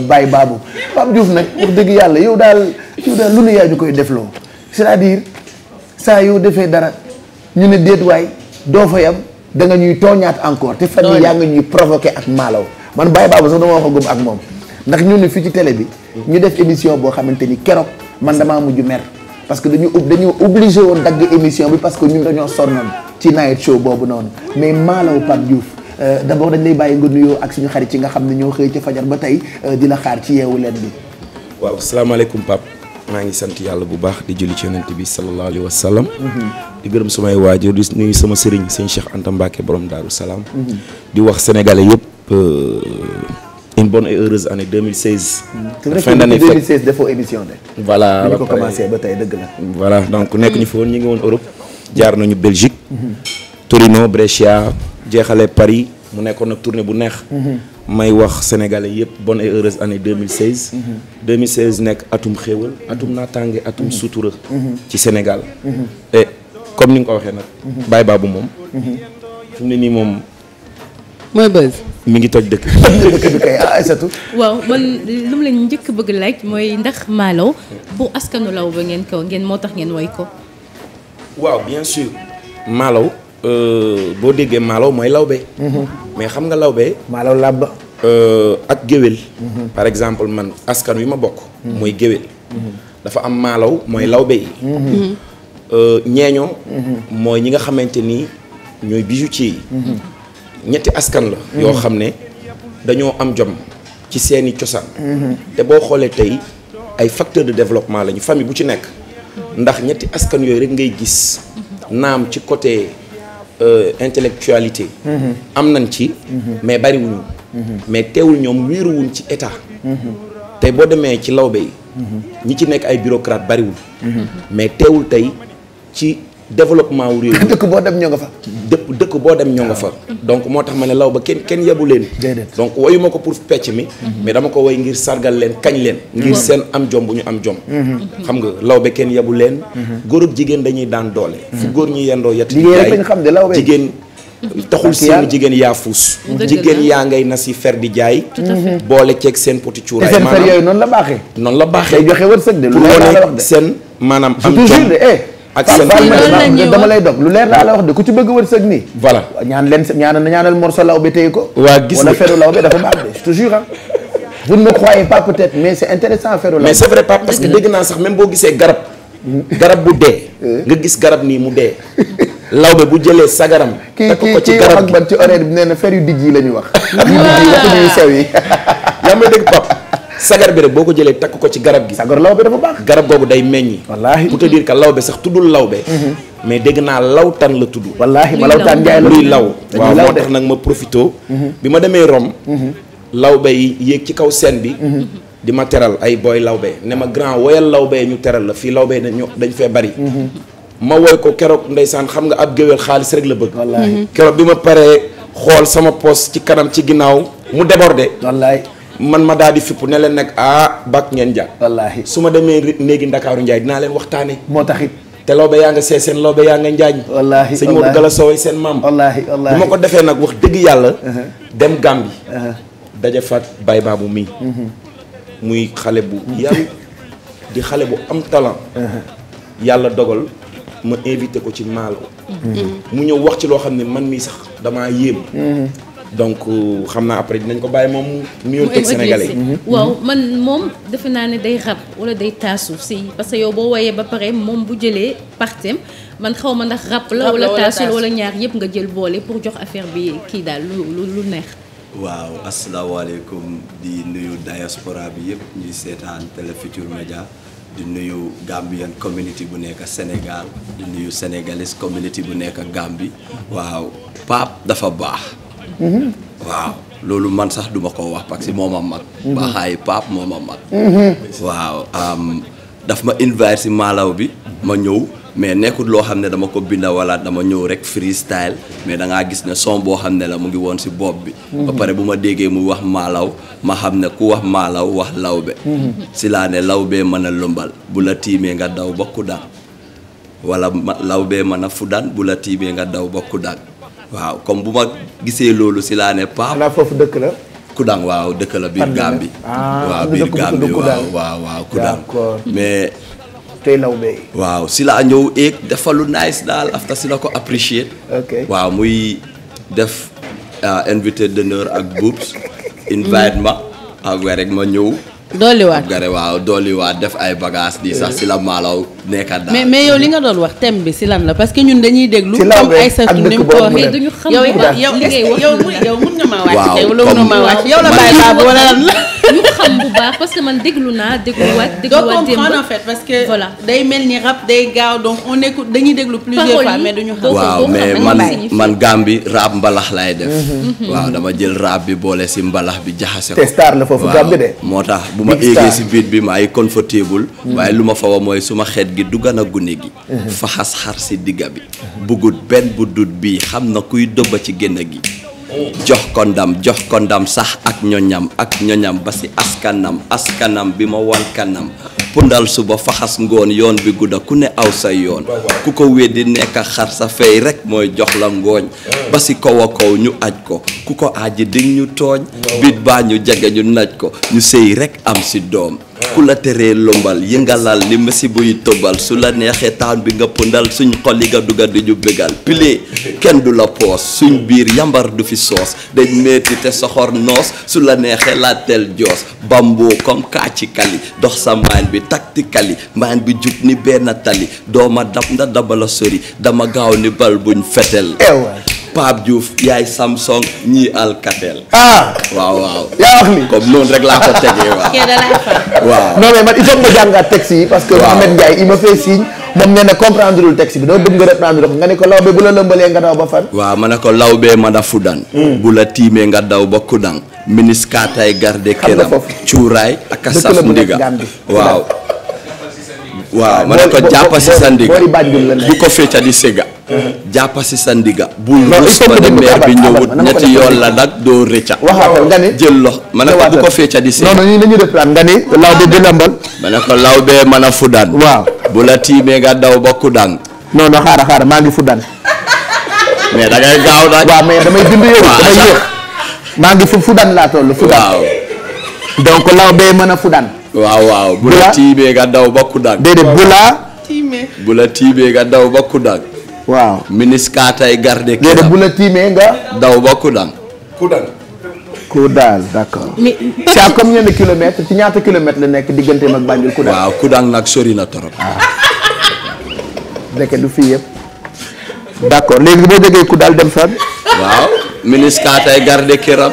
bàyyi baabu Pape Diouf nag wax dëgg yàlla yow daal yow daal lu ne yaa ñu koy def loo c'est-à-dire saa yow defee dara ñu ne déet waay doo fa yam da nga ñuy tooñaat encore te fan yii yaa nga ñuy provoqué ak maalaw man bàyyi baabu sax dama wax gëm ak moom ndax ñu ne fii ci télé bi ñu def émission boo xamante ni keroog man damaa mujj mer parce que dañu dañu obligé woon dagg émission bi parce que ñun dañoo sonnoon ci night show boobu noonu mais maalaw Pape Euh, d' abord dañ lay bàyyi nga nuyoo ak suñu xarit yi nga xam ne ñoo xëy ci fajar ba tey euh, di la xaar ci yeewu leen bi. waaw salaamaaleykum Pape maa ngi sant yàlla bu baax di julli ci yonent bi sallallahu alayhi wa sallam mm-hmm. gërëm samay waajur di nuyu sama sëriñ sëñ Cheikh Anta Mbacke borom Daaru Salaam. Mm-hmm. di wax sénégalais yëpp. Euh, une bonne et heureuse année 2016. Mm-hmm. fin d' année 2016 defoo émission de. voilà ko commencé ba tey dëgg la. voilà donc nekk ñu fi ñu ngi woon Europe. jaar nañu Belgique. Torino Brescia. jeexalee Paris mu nekkoon nag tournée bu neex. Mhm. may wax sénégalais yëpp bon et heureuse année 2016. 2016 mhm. nekk atum xéewal atum naataange atum mhm. sutura. ci Sénégal. comme ni nga ko waxee nag. Baye Babou moom. fi ne nii moom. mooy mi ngi toj dëkk. Ah, waaw man lu mu leen njëkk bëgg laaj mooy ndax maalaw bu askanu law ba ngeen ko ngeen moo tax ngeen woy ko. waaw bien sûr maalaw. Euh, boo déggee maalaw mooy lawbe. Mhm. mais xam nga lawbe. maalaw làbb. Euh, ak géwél. Mhm. par exemple man askan wi ma bokk. Mhm. mooy géwél. dafa am maalaw mooy lawbee yi. Euh, ñeeñoo. mooy ñi nga xamante ni ñooy bijoutier yi. ñetti askan la. yoo xam ne dañoo am jom ci seeni cosaan. te boo xoolee tey ay facteurs de développement lañu famille bu ci nekk. ndax ñetti askan yooyu rek ngay gis naam ci côté. Euh, intellectualité mm-hmm. am nañ ci mm-hmm. mais bariwuñu mm-hmm. mais teewul ñoom wiiruwuñ ci état tey boo demee ci lawbe yi ñi ci nekk ay bureaucrate bariwul mais teewul tey ci développement wu réew dëkk boo dem ñoo nga fa dëkk dëkk boo dem ñoo nga ah. donc moo tax ma ne law ba kenn kenn yebu leen donc wayu ma ko pour pecc mi mhm. mais dama ko way ngir sargal leen kañ leen mhm. ngir seen am jom bu ñu am jom mhm. xam nga law ba kenn yebu leen góorub jigéen dañuy daan doole fu góor ñi yendoo yett jigéen taxul seenu jigéen yaa fuus jigéen yaa ngay nasi fer di jaay boole ceeg seen poti cuuraay maanaam noonu la baaxee noonu la baaxee day seen maanaam am jom ak seen dama lay dog lu leer laa la wax de ku ci bëgg wërsëg nii voilà ñaan leen ñaanal ñaanal morso law bi ko waa gis wala feru law dafa baax de je te jure vous ne me croyez pas mais c'est intéressant feru law mais bu dee euh. nga gis garab nii mu dee lawbe bu jëlee sagaram. takk ko ci garab kii wax ak man ci horaire bi nee na fer yu digg yi la ñuy wax. ak yi waxuñu sew yi. yaa dégg Pape sagar bi rek boo ko jëlee takk ko ci garab gi. sagar lawbe dafa garab googu day meñ wallaahi pour te dire que lawbe sax tuddul lawbe. Mhm. mais dégg naa lawtan la tudd. wallaahi ma la luy law. waaw moo tax nag ma profito. Mhm. bi ma demee Rome. Mhm. lawbe yi yéeg ci kaw scène bi. di ma teral ay booy lawbe ne ma grand woyal lawbe ñu teral la fii lawbe dañu fee bari. ma woy ko keroog ndeysaan xam nga ab géwél xaalis rek la bëgg. wallaahi keroog bi ma paree xool sama poos ci kanam ci ginnaaw mu débordé. wallaahi. man ma daal di fipp ne leen nag ah bak ngeen jàpp. wallaahi su ma demee néegi Ndakaaru Njaay dinaa leen waxtaanee. moo taxit. te loobe yaa nga seeseen loobe yaa nga njaañ. wallaahi sëñ Modou Gala Sow seen maam. wallaahi wallaahi bu ma ko defee nag wax dëgg yàlla. Uh-huh. dem Gàmbi. Uh-huh. daja faat Baye Babou mii. Uh-huh. muy xale bu yaru di xale bu am talent. yàlla dogal ma invité ko ci Maalo. mu ñëw wax ci loo xam ne man mii sax damaa yéem. donc euh, xam naa après dinañ ko bàyyi moom mieux teg sénégalais mhm. waaw man moom defe naa ne day rab wala day taasu si parce que yow boo woyee ba pare moom bu jëlee partem man xaw ma ndax rab la wala taasu la wala ñaar yëpp nga jël boole pour jox affaire bi kii daal lu lu neex waaw asalaamaaleykum di nuyu diaspora bi yëpp ñuy seetaan Télé Futurs Médias di nuyu Gambian community bu nekk Sénégal di nuyu sénégalais community bu nekk Gambie waaw Pape dafa baax waaw loolu man sax duma ko wax parce que moo ma mag mhm. baaxaayi paap moo ma mag mhm. waaw daf ma invite si maalaw bi ma ñëw mais nekkul loo xam ne dama ko binda wala dama ñëw rek freestyle mais dangaa gis ne son boo xam ne la mu ngi woon si bopp bi. Mhm. ba pare bu ma déggee mu wax maalaw ma xam ne ku wax maalaw wax lawbe. si laa ne lawbee mën a lëmbal bu la tiimee nga daw bokku daan wala ma lawbee mën a fudan bu la tiimee nga daw bokku daan. waaw comme bu ma gisee loolu si laa ne paa. xanaa foofu dëkk la. Kudang waaw dëkk la biir Gàmbi. Ah, waaw biir waaw waaw waaw Kudang. mais. tey waaw si laa ñëw eeg dafa nice daal afta si la ko apprécier. waaw muy def euh, invité d'honneur ak boobs. invite ma. ak rek ma ñëw. dooliwaat gare waaw dooliwaat def ay bagages di sax si la maalaw. nekkaat mais mais li nga doon wax thème bi si lan la parce que ñun dañuy déglu. si laaw rek ak dëkk boobu mu comme ay yow yow yow mun nga waaw comme yow la bàyyi baabu wala lan la. ñu xam bu baax parce que man déglu naa dégluwaat. dégluwaat démb doo en fait parce que. voilà day mel ni rap day gaaw donc on écoute déglu plusieurs fois mais duñu man man gaam bi rap mbalax laay def. Mhm. Mhm. waaw dama jël rap bi boole si mbalax bi jaxase ko. te star moo tax bu ma eegee si biit bi maay confortable. Mhm. waaye lu ma fawa mooy suma xeet gi duggan a gune gi faxas xar si digga bi bugut benn bu dut bii xam na kuy dëbba ci génn gi jox ko ndam jox ko ndam sax ak ñoñam ak ñoñam ba si askanam askanam bi ma wan kanam pundal suba faxas ngoon yoon bi gudda ku ne aw sa yoon ku ko weddi nekk xar sa fey rek mooy jox la ngooñ ba si kaw a ñu aj ko ku ko aji ding ñu tooñ biit baa ñu jege ñu naj ko ñu sëy rek am si doom ku la teree lombal yëngalal li masi buy tobal su la neexee taan bi nga pundal suñ xol yi gaddu gaddu ñu bégal pile kenn du la poos suñ biir yambar du fi soos dañ metti te soxor noos su la neexee la tel joos bamboo comme kaa kali dox sa maan bi taktikali maan bi jub ni benn tali dooma dab nda daba la sori dama gaaw ni bal buñ fetel eh Pape Diouf yaay Samsung ñii Alcatel. ah waaw waaw. yaa wax ni comme noonu rek laa ko tegee waaw. waaw. non mais man nga jàngaat texte yi parce que. waaw Mouhamed Ndiaye il m'a fait signe. moom nee na comprendre bi dama bëgg nga reprendre ko nga ne bu la lëmbalee nga daw ba fan. waa ma ne ko lawbe ma da fudan. Hmm. bu la tiimee nga daw ba kudan. ministre kaatay garde këram. xam nga foofu cuuraay ak a saf ndiga waaw. waaw ma ne ko jàpp si sa ndiga bu ko fecca di sega mm-hmm. jàpp si sa ndiga bul rus ba ne maire bi ñëwut ñetti yoon la nag doo rëcca jël lox ma ko bu ko fecca di sega non non dañuy def nga ne law be di lambal ma ko law bee mën a fudan waaw bu la tiimee nga daw ba kudang non xaara xaara maa ngi fudan mais da ngay gaaw nag mais damay bind yow damay yëg maa ngi fu laa toll fudan donc law bee mën a fudan waaw waaw bu la tiibee nga daw bakku dag déedéet bu la tiimee nga daw bakku dag waaw miniskatay garde déedéet bu la tiimee nga daw bakku dang ku dang d'accord. mais c'est à combien ci ñaata kilomètres la nekk digganteem ak Banjul Koudaal. waaw Koudaal nag sori torop. Ah. waaw ministre tay garde kiram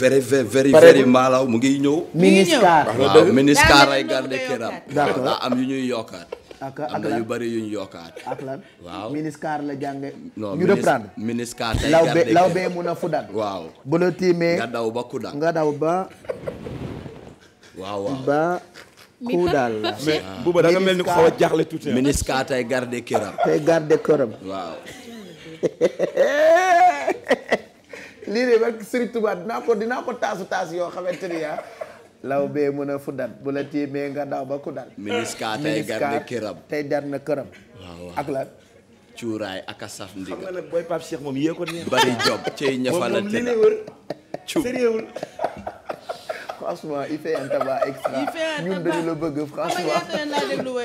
very very very very maalaw mu ngi ñëw. ministère waaw ministère ay yu ñuy yu ñu yokkaat. ak lan waaw ministère la jànge. ñu reprendre non law bee mun a fudan. waaw bu la tiimee nga daw ba kudan. nga daw ba. waaw mel ni ko xaw tuuti. ministère tey garde këram. waaw. lii de barke Serigne Touba ko dinaa taasu yoo xamante ni ah. law bee mën a fu dal bu la tiimee nga daw ba ku dal. miniska tey gar na këram ak lan. cuuraay ak saf ndigal booy Pape Cheikh moom yee ko neex. bari job cey ñafala te moom moom franchement il fait un tabac extra. il dañu la bëgg franchement.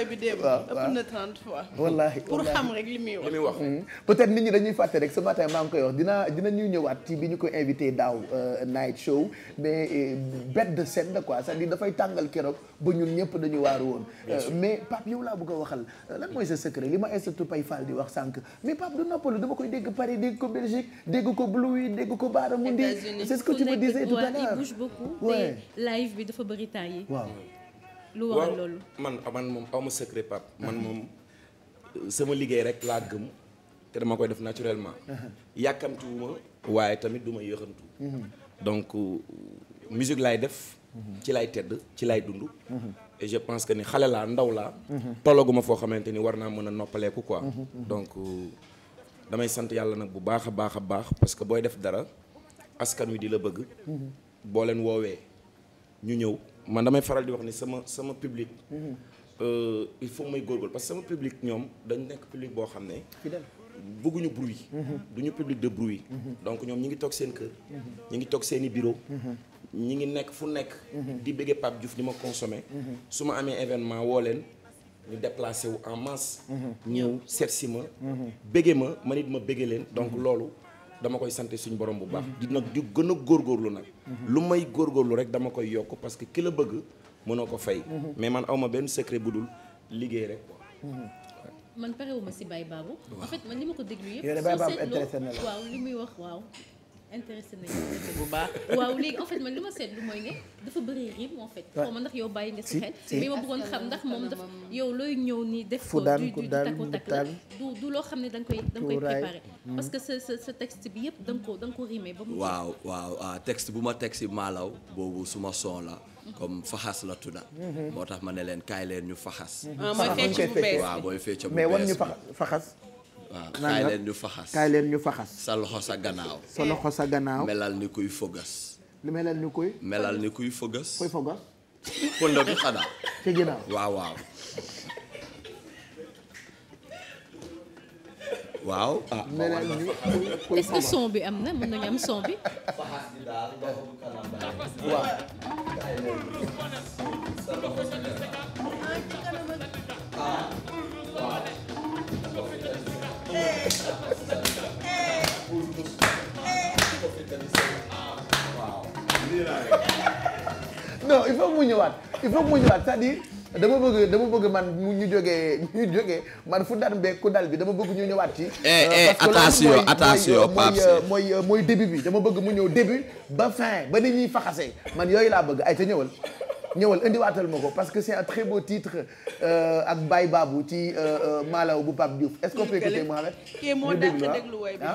bi démb. waaw waaw ëpp pour xam rek li muy wax. li muy hmm. peut-être nit ñi dañuy fàtte rek ce matin maa ngi koy wax dina dina ñu ñëwaat ci bi ñu ko invité daaw euh, night show mais euh, bête de scène la quoi cest dafay tàngal keroog bu ñun ñëpp dañu waar woon. Euh, mais Pape yow laa bëgg a waxal lan mooy sa secret li ma instructeur Pay Fall di wax sànq mais Pape du noppalu dama koy dégg Paris dégg ko Belgique dégg ko Blouy dégg ko Baaramundi. c'est ce que live bi dafa bëri temps yi. waaw lu waral loolu. man man moom aw ma secret Pape ah. man moom sama liggéey rek laa gëm te dama koy def naturellement. Ah. yàkkamtuwuma waaye tamit du ma yëxantu. Mhm. donc euh, musique laay def. Mhm. ci laay tedd ci laay dund. Mhm. et je pense que ni xale laa ndaw laa. tollaguma foo xamante ni war naa mën a noppaleeku quoi. donc euh, damay sant yàlla nag bu baax a baax a baax parce que booy def dara askan wi di la bëgg. boo leen woowee. ñu ñëw man damay faral di wax ni sama sama public. Euh, il faut may góorgóorlu parce que sama public ñoom dañ nekk public boo xam ne. bëgguñu bruit. du ñu public de bruit. donc ñoom ñi ngi toog seen kër. ñi ngi toog seeni bureau. ñi ngi nekk fu nekk. di bëggee Pape Diouf di ma consommer. su ma amee événement woo leen ñu déplacé wu en masse. Mhm. ñëw seet si ma. bëggee ma ma it ma bëggee leen donc loolu. dama koy sante suñu borom bu baax mhm. di nag di gën góor góorgóorlu nag mhm. lu may góor góorgóorlu rek dama koy yokk parce que ki la bëgg mënoo ko fay mhm. mais man awma benn secret bu dul liggéey rek quoi man parewuma si Baye Babou en fait man li ma ko déglu yëpp soo seetloo waaw li muy wax waaw intéressé nañu bu baax waaw léegi en fait man li ma seetlu mooy ne dafa bëri rime en fait xaw ma ndax yow bàyyi nga si xel mais ma bëggoon xam ndax moom daf yow looy ñëw nii def ko du du takku takk la du loo xam ne da nga koy da nga koy préparé hmm. parce que sa sa bi yëpp da ko da nga ko rimé ba mu waaw waaw ah, texte bu ma texte maalaw boobu suma son la comme faxas la tudda hmm. moo tax ma ne leen kaay leen ñu faxas ah, mooy fecc bu bees mais wan ñu faxas waaw kaay leen ñu faxas kaay leen ñu faxas sa loxo sa gannaaw sa loxo sa gannaaw melal ni kuy fogas melal ni kuy melal kuy fogas kuy fogas pënd bi xanaa ci waaw waaw ah, melal ni kuy est-ce bi am na mën nañu am son bi faxas bi daal waaw non il faut mu ñëwaat il faut mu ñëwaat cest à dama bëgg dama bëgg man ñu jógee ñu jógee man fu daan beeg ku dal bi dama bëgg ñu ñëwaat ci. Eh, eh, euh, parce que attention attention mooy mooy début bi dama bëgg mu ñëw début ba fin ba ni ñuy faxasee man yooyu laa bëgg ay ta ñëwal. ñëwal indiwaatal ma ko parce que c'est un très beau titre euh, ak baay Babou ci euh, Malaw bu Pape Diouf est-ce qu'on peut écouter Mohamed. ñu déglu ah.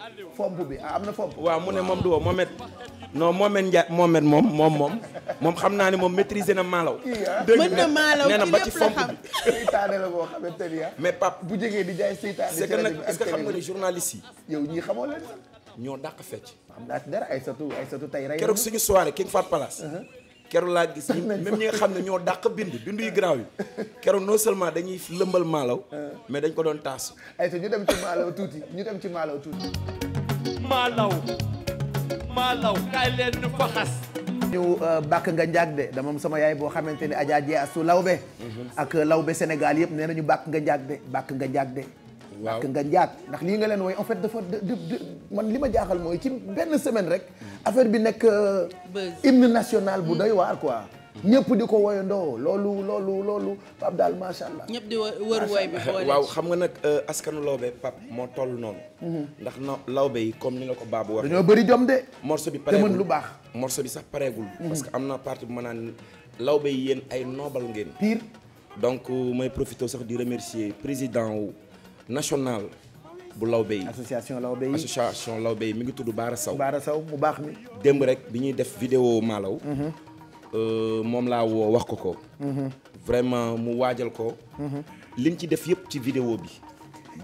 ah. fomp bi ah am na fomp. waaw mu ne moom du woo Mohamed. non Mohamed Ndiaye Mohamed moom moom moom moom xam naa ne moom maîtriser na Malaw. Ah. mën na Malaw ba ci fomp bi. seytaane la boo xamante ah. mais Pape bu jegee di jaay seytaane. c'est que nag est-ce que xam nga ni yi. ñii xamoo leen ñoo dàq fecc. am naa ci ay satu ay satu tey rey. keroog suñu soirée King Fat Palace. Uh-huh. keroog laa gis même ñi nga xam ne ñoo dàq bind bindu yu garaaw yi keroog non seulement dañuy lëmbal Malaw. Uh-huh. mais dañ ko doon taas. ay ñu dem ci Malaw tuuti ñu dem ci Malaw tuuti. Malaw. maalaw kaay leen ñu fa xas euh, nga njaag de dama am sama yaay boo xamante ni Adja Jee Astu lawbe mhm. ak euh, lawbe Sénégal yëpp nee nañu bàkk nga njaag de bàkk nga njaag de bàkk nga njaag ndax lii nga leen wooy en fait dafa man li ma jaaxal mooy ci benn semaine rek mhm. affaire bi nekk euh, hymne national bu doy waar quoi ñëpp di ko woyandoo loolu loolu loolu Pape daal macha allah. ñëpp di wër woy bi waaw xam nga nag euh, askanu lawbe Pape moo toll noonu. Mhm. ndax na lawbe yi comme ni la ko baab waxee. dañoo bëri jom de. morceau bi pareegul lu baax. morceau bi sax pareegul. Mhm. parce que am na partie bu ma naan lawbe yi yéen ay noobal ngeen. pire donc euh, mooy profité sax di remercier président wu national. bu lawbe yi association lawbe yi association lawbe yi mi ngi tudd Baara Saw. Baara Saw mu baax mi. démb rek bi ñuy def vidéo Malaw. Mhm. Euh, moom laa woo wax ko ko. vraiment mu waajal ko. li liñ ci def yëpp ci vidéo bi.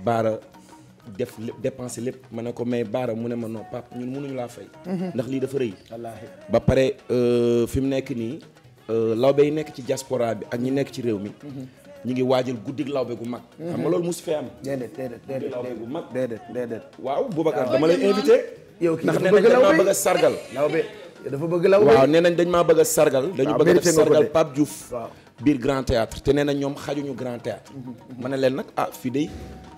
baara def lépp dépensé lépp ma ne ko mais baara mu ne ma non pap ñun mënuñu laa fay. ndax lii dafa rëy. wallaahi ba pare euh, fi mu nekk nii euh, lawbe yi nekk ci diaspora bi ak ñi nekk ci réew mi. ñu ngi waajal guddi lawbe gu mag. xam nga loolu mosu fee am. déedéet déedéet déedéet mag déedéet déedéet. waaw Boubacar dama lay invité. ndax nee bëgg a sargal. dafa bëgg la waaw nee nañ dañ maa bëgg sargal dañu bëgg a def sargal Pape Diouf biir Grand Théâtre te nee nañ ñoom xajuñu Grand Théâtre mhm. ma ne leen nag ah fii day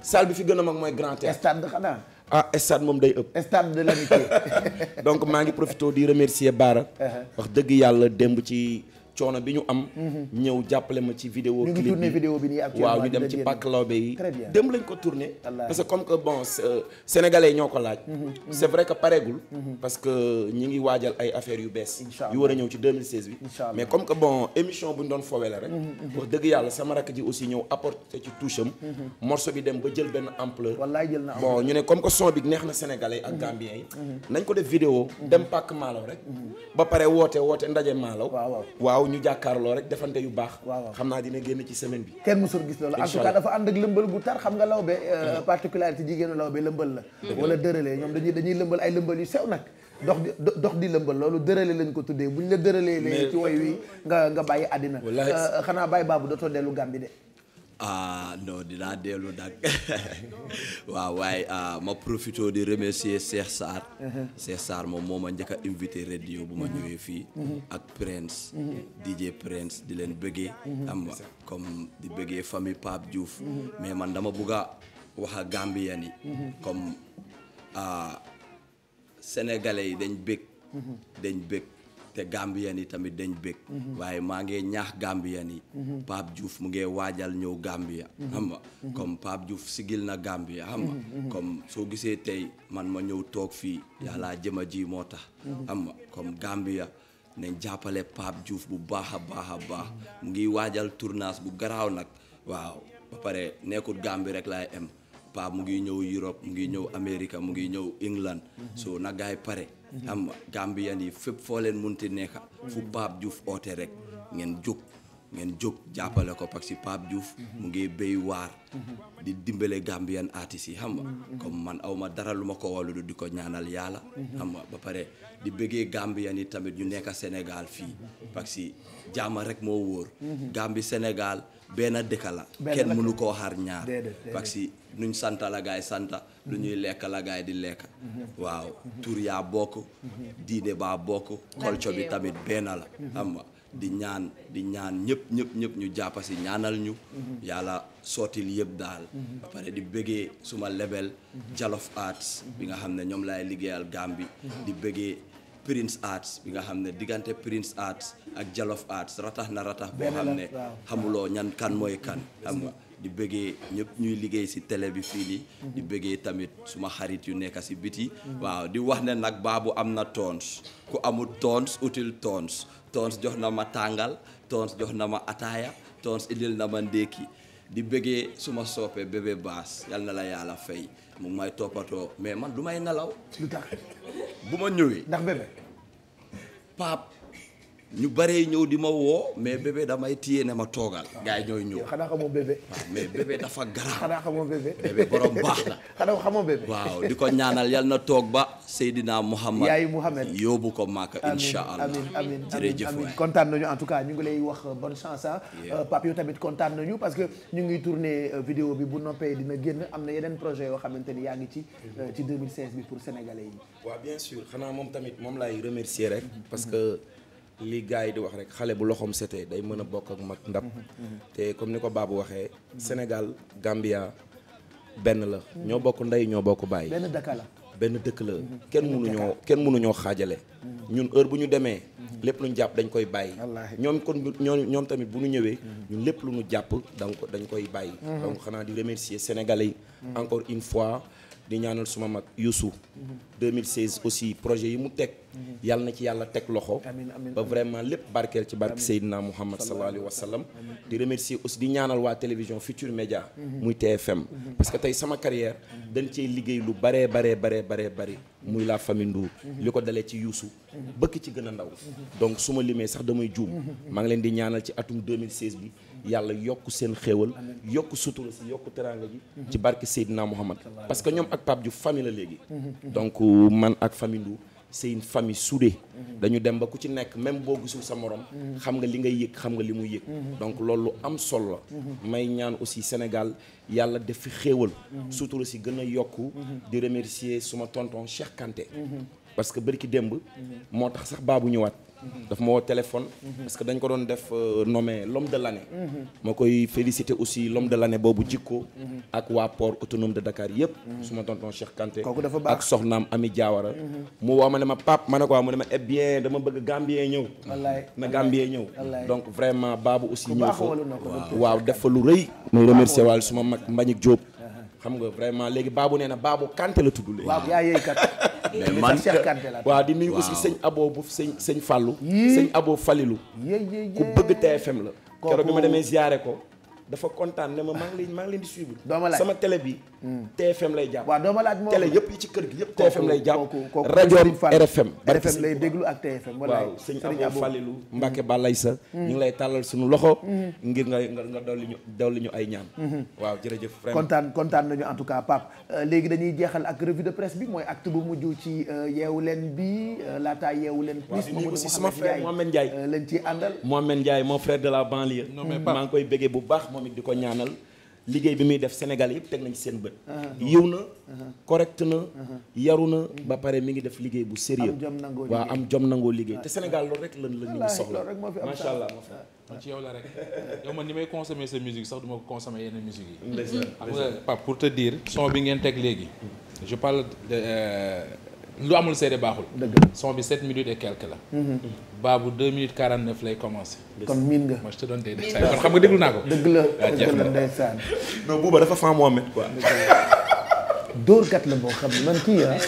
salle bi fi gën a mag mooy Grand Théâtre stade xanaa ah stade moom day ëpp stade de l'amitié donc maa ngi profité di remercier baara uh-huh. wax dëgg yàlla démb ci coono bi ñu am. Mhm. ñëw jàppale ma ci vidéo. clip bi ñu ngi tourné vidéo bi waaw ñu dem ci pàkk lawbe yi. dem lañ ko tourné. parce que comme que bon euh, sénégalais ñoo ko laaj. Mhm. Mhm. c' est vrai pareegul. parce que ñu ngi waajal ay affaires yu bees. yu war a ñëw ci 2016 bi. mais comme que bon émission bu ñu doon foowee rek. wax dëgg yàlla sama rakk ji aussi ñëw apporté ci touche am. bi dem ba jël benn ampleur. na ampleur bon ñu ne comme que son bi neex na sénégalais ak gambien yi. nañ ko def vidéo dem woote woote ndaje Malaw. waaw ñu jàkkaarloo rek defante yu baax waaw xam naa dina génn ci semaine bi kenn mësul gis loolu en tout cas dafa ànd ak lëmbal gu tar xam nga lawbe euh, mm-hmm. particularité jigéenu lawbe lëmbal la wala dërëlee ñoom dañuy dañuy lëmbal ay lëmbal yu sew nag dox di dox di lëmbal loolu dërële lañ ko tuddee bu ñu la dërëlee ci woy wi nga nga bàyyi àddina euh, xanaa bàyyi baabu dootoo dellu Gàmbi de ah non dinaa dellu nag waaw waaye ah, ma profité di remercier Cheikh Sarr. Uh-huh. Cheikh Sarr moom moo ma njëkk a invité radio bu ma uh-huh. ñëwee fii. Uh-huh. ak Prince. DJ Prince di leen bëggee. xam nga comme di bëggee famille Pape Diouf. mais man dama bugg a wax a Gambien yi. comme ah, sénégalais yi dañ bëgg. dañ bëgg. te Gambien yi tamit dañ bég mhm. waaye maa ngi ñaax Gambien yi mhm. Pape Diouf mu ngi waajal ñëw Gambia mhm. xam nga comme Pape Diouf sigil na Gambia xam nga comme soo gisee tey man ma ñëw toog fii yàlla jëma ji moo tax xam nga comme Gambia nañ jàppale Pape juuf bu baax a baax a baax mu ngi waajal tournage bu garaaw nag waaw ba pare nekkul Gambie rek laay am Pape mu ngi ñëw Europe mu ngi ñëw Amérique mu ngi ñëw England so na gaay pare xam nga Gambian yi fépp foo leen munti nekk fu Pape Diouf oote rek ngeen jóg ngeen jóg jàppale ko parce que Pape Diouf mu ngi béy waar di dimbale Gambian artistes yi xam nga comme man aw ma dara lu ma ko walu di ko ñaanal yàlla xam nga ba pare di bëggee Gambian yi tamit ñu nekk Sénégal fii parce que jaama rek moo wóor Gambi Sénégal benn dëkk la kenn mënu ko xaar ñaar parce nuñ santa la gaay santa lu ñuy lekk la gaay di lekk waaw tur yaa bokk diine baa bokk culture bi tamit benn la xam nga di ñaan di ñaan ñëpp ñëpp ñëpp ñu jàppa si ñaanal ñu yàlla sootil yëpp daal ba pare di bëggee suma label Jalof Arts bi nga xam ne ñoom lay liggéeyal bi di bëggee Prince Arts bi nga xam ne diggante Prince Arts ak Jalof Arts ratax na ratax boo xam ne xamuloo ñan kan mooy kan xam nga di bëggee ñëpp ñuy liggéey si télé bi fii nii. di bëggee tamit suma xarit yu nekk si biti. waaw di wax ne nag baabu am na tons ku amul tons util tons tons jox na ma tàngal tons jox na ma ataaya tons indil na ma ndékki di bëggee suma soppe bébé baas yal na la yàlla fay mu may toppatoo mais man du may nelaw. bu ma ñëwee. ndax bébé. paap. ñu baree ñëw di ma woo mais bébé damay téye ne ma toogal. gars yi ñooy ñëw xanaa xamoo bébé. mais bébé dafa garaaw. xanaa xamoo bébé. bébé borom baax la. xanaa xamoo bébé. waaw di ko ñaanal yal na toog ba Seydina Mouhamed. yaay Mouhamed yóbbu ko Màkka incha allah. amiin amiin jërëjëf waay kontaan nañu en tout cas ñu ngi lay wax euh, bonne chance ah. Pape yow tamit kontaan nañu parce ñu ngi tourné euh, vidéo bi bu noppee dina génn am na yeneen projet yoo xamante ni yaa ngi ci ci 2016 bi pour sénégalais yi. waaw bien sûr xanaa moom tamit moom laay remercier rek mm-hmm. parce mm-hmm. que. li gars yi di wax rek xale bu loxoom setee day mën a bokk ak mag ndab te comme ni ko Babou waxee Sénégal Gambia benn la ñoo bokk ndey ñoo bokk bàyyi benn dëkk la benn dëkk la mhm. kenn mënuñoo kenn mënuñoo xaajale mhm. ñun heure bu ñu demee lépp lu ñu jàpp dañ koy bàyyi ñoom kon ñoom tamit bu ñu ñëwee ñun lépp lu ñu jàpp donc dañ koy bàyyi mhm. donc xanaa di remercier sénégalais yi encore une fois di ñaanal suma mag Youssou 2016 aussi projet yi mu teg yàlla na ci yàlla teg loxo ba vraiment lépp barkeel ci barke Seydina Mouhammad sallallahu alayhi wa sallam di remercier aussi di ñaanal waa télévision Futur Média mhm. muy TFM mhm. parce que tey sama carrière mhm. dañ cey liggéey lu baree baree baree baree bari muy la famille Ndour li ko dalee ci Youssou bëkk ci gën a ndaw donc su ma limee sax damay juum maa ngi leen di ñaanal ci atum 2016 bi yàlla yokk seen xéewal yokk sutura si yokk teraanga ji ci barke Seydina Mouhammad parce que ñoom ak Pape Diouf man ak famille Ndour c'est une famille soudée. dañu dem ba ku ci nekk même boo gisul sa morom. xam nga li nga yëg xam nga li mu yëg. donc loolu lu am solo la. may ñaan aussi Sénégal yàlla def fi xéewal. surtout si gën a yokk di remercier suma tonton Cheikh Kanté. parce que ki démb. moo tax sax baabu ñëwaat. daf ma woo téléphone. parce que dañ ko doon def euh, nommé l'homme de l'année. ma koy féliciter aussi l'homme de l'année boobu jikko. ak waa port autonome de Dakar yëpp. suma tonton Cheikh Kanté. kooku dafa ak soxnaam Ami Diawara. mu woo ma ne ma Pape ma ne ko waaw mu ne ma eh bien dama bëgg Gambien ñëw. wallaay na Gambien ñëw. donc vraiment Babou aussi ñëw fa waaw def fa lu rëy. may remercier waal suma mag Mbagnick Diop. xam nga vraiment léegi baabu nee na baabu Kanté la tudd léegi. waaw yaa mais man euh, waaw di nuyu aussi sëñ aboo bu sëñ sëñ fàllu sëñ aboo falilu ku bëgg TFM la keroog bi ma demee ziyaare ko dafa kontaan ne ma maa ngi leen maa ngi leen di suivre. dooma laaj sama télé bi. TFM hmm. lay jàpp. waaw dooma laaj moom télé yëpp yi ci kër gi yëpp. TFM lay jàpp rajoom RFM. RFM lay déglu ak TFM. walaay sëñ sa. Hmm. ñu ngi lay tàllal suñu loxo. Hmm. ngir nga nga nga dolli ñu dolli ñu ay ñaan. waaw jërëjëf vraiment kontaan kontaan nañu en tout cas Pape. Euh, léegi dañuy jeexal ak revue de presse bi mooy acte bu mujj ci euh, yeewu leen bi euh, laataa yeewu leen. plus moom aussi sama frère Mohamed Ndiaye lañ ci àndal. Mohamed Ndiaye mon frère de la banlieue. maa ngi koy bëggee bu baax moom it di ko ñaanal liggéey bi muy def Sénégal yëpp teg nañ ci seen bët. Ah, ah. yiw na ah, correct na yaru na mm. ba pare mi ngi def liggéey bu sérieux waaw am jom nangoo liggéey te Sénégal loolu rek lan la ñu ngi soxla macha allah ma ci yow la rek yow man ni may consommer sa musique sax du ma ko consommer yenn musique yi. xam pour te dire. son bi ngeen teg léegi. je parle euh, lu amul seede baaxul. son bi 7 minutes et quelques la. Mm-hmm. baabu 2 minutes 49 lay commencé. kon miin nga. mooy je te donne des détails kon xam nga déglu naa ko. dëgg la ah, dëgg la ndeysaan. non buuba dafa fan Mohamed quoi. dóorkat la boo xam ne man kii ah.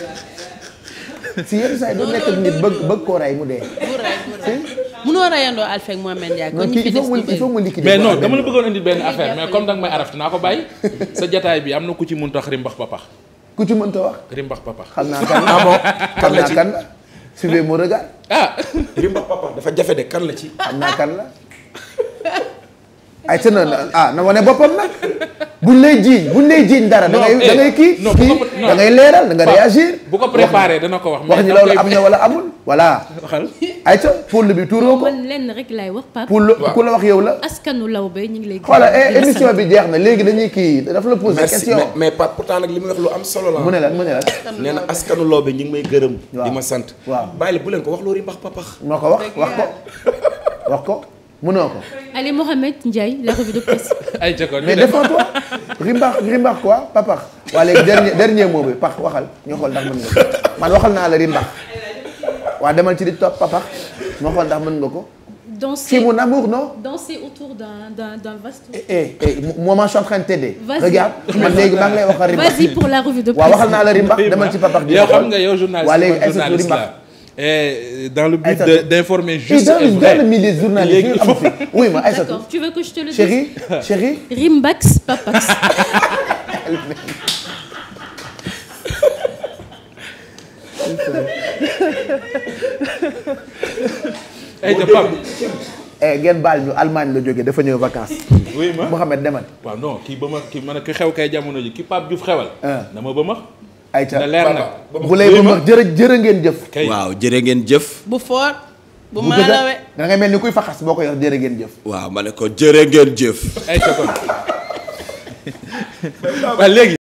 si yenn saa yi doo koo ray mu dee. munoo rayandoo Alpha ak Mohamed Ndiaye kon ñu fi des mais non dama la bëggoon indi benn affaire mais comme danga may araf naa ko bàyyi. sa jataay bi am na ku ci mënut a wax rimbax papax. ku ci mënut a wax. rimbax papax. xam naa kan amoo ah xam naa kan. ci suivez mon regard. ah. Rimba papa dafa jafe de kan la ci. xam naa kan la. ay te na ah, na wane boppam nag buñ lay jiiñ buñ lay jiiñ dara. da da eh, ngay kii kii da ngay leeral da nga réagir. bu ko préparé dana ko wax. wax ñu loolu am na wala amul voilà. ay te poule bi tuuroo ko man lenn rek wax Pape. poule ku la wax yow la. askanu lawbe ñu ngi lay. xoola eh, émission bi jeex na léegi dañuy kii dafa la mais Pape pourtant nag li muy lu am solo la. mu ne la mu ne la. nee ñu ngi may gërëm. waaw di ma sant. waaw bàyyi bu leen ko wax loolu yi mbax papax. moo ko wax wax ko wax ko. mënoo ko. Allez Mohamed Ndiaye la revue de presse. ay jokkoon mais défends-toi rimbax rimbax quoi papax waa léegi dernier dernier mot bi pax waxal ñu xool ndax mën nga ko waxal naa la rimbax waa demal ci di topp papax ñu xool ndax mën nga ko. danser c'est mon amour non. danser autour d'un d'un d'un vaste. eh eh, eh moi je suis en train de t'aider. vas-y regarde man léegi maa ngi lay waxal rimbax. la revue de presse. waaw waxal naa la rimbax demal ci et dans le but de d'informer juste et vrai dans le milieu journalistique léegi am ah, fi oui ma Aïssatou. d'accord tu veux que je te le dise chérie chérie. Rimbax Papax. ay de Pape. ngeen baal ñu Allemagne la jógee dafa ñëw vacances. oui ma Mouhamed demal. waaw non kii ba ma kii man ki xew kay jamono ji ki Pape Diouf xewal. Ah. na ma ba ma. ayca bu lay bu mag jërë jërë ngeen jëf. waaw jërë ngeen jëf. bu foor bu maalawee da mel ni kuy faxas boo ko yor jërë ngeen jëf. waaw ma ne ko jërë ngeen jëf. ayca léegi.